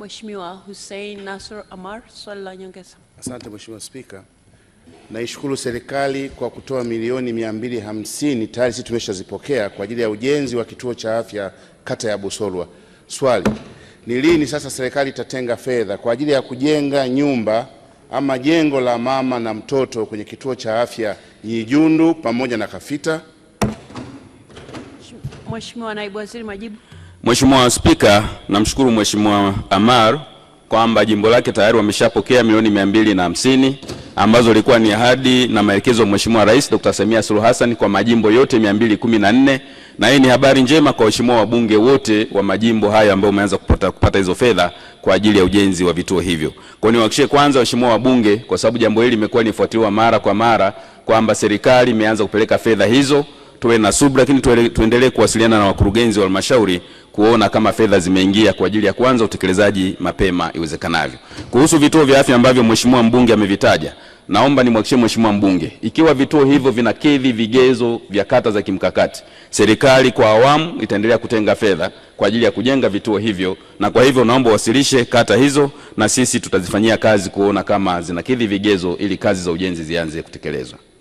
Mheshimiwa Hussein Nasr Amar, swali la nyongeza. Asante Mheshimiwa Spika, naishukuru serikali kwa kutoa milioni 250 tayari sisi tumeshazipokea kwa ajili ya ujenzi wa kituo cha afya kata ya Busolwa. Swali ni lini sasa serikali itatenga fedha kwa ajili ya kujenga nyumba ama jengo la mama na mtoto kwenye kituo cha afya Nyijundu pamoja na Kafita? Mheshimiwa Naibu Waziri, majibu. Mheshimiwa Spika, namshukuru Mheshimiwa Amar kwamba jimbo lake tayari wameshapokea milioni mia mbili na hamsini ambazo ilikuwa ni ahadi na maelekezo ya Mheshimiwa Rais Dr. Samia Suluhu Hassan kwa majimbo yote mia mbili kumi na nne na hii ni habari njema kwa waheshimiwa wabunge wote wa majimbo hayo ambao umeanza kupata, kupata hizo fedha kwa ajili ya ujenzi wa vituo hivyo. Kwa niwahakikishie kwanza waheshimiwa wabunge, kwa sababu jambo hili limekuwa linafuatiliwa mara kwa mara kwamba serikali imeanza kupeleka fedha hizo, tuwe na subira, lakini tuendelee kuwasiliana na wakurugenzi wa halmashauri kuona kama fedha zimeingia kwa ajili ya kuanza utekelezaji mapema iwezekanavyo. Kuhusu vituo vya afya ambavyo mheshimiwa mbunge amevitaja, naomba nimhakikishie mheshimiwa mbunge, ikiwa vituo hivyo vinakidhi vigezo vya kata za kimkakati, serikali kwa awamu itaendelea kutenga fedha kwa ajili ya kujenga vituo hivyo, na kwa hivyo naomba wasilishe kata hizo, na sisi tutazifanyia kazi kuona kama zinakidhi vigezo ili kazi za ujenzi zianze kutekelezwa.